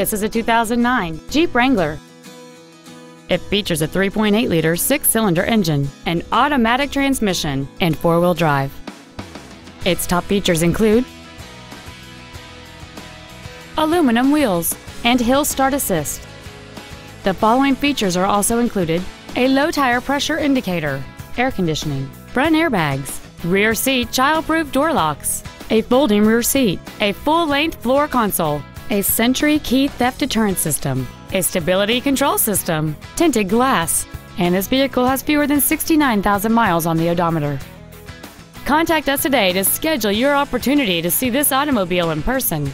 This is a 2009 Jeep Wrangler. It features a 3.8-liter six-cylinder engine, an automatic transmission, and four-wheel drive. Its top features include aluminum wheels and hill start assist. The following features are also included a low tire pressure indicator, air conditioning, front airbags, rear seat child-proof door locks, a folding rear seat, a full-length floor console, a Sentry Key Theft Deterrent System, a Stability Control System, tinted glass, and this vehicle has fewer than 69,000 miles on the odometer. Contact us today to schedule your opportunity to see this automobile in person.